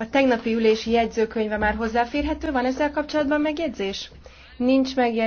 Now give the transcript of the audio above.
A tegnapi ülési jegyzőkönyve már hozzáférhető, van ezzel kapcsolatban megjegyzés? Nincs megjegyzés.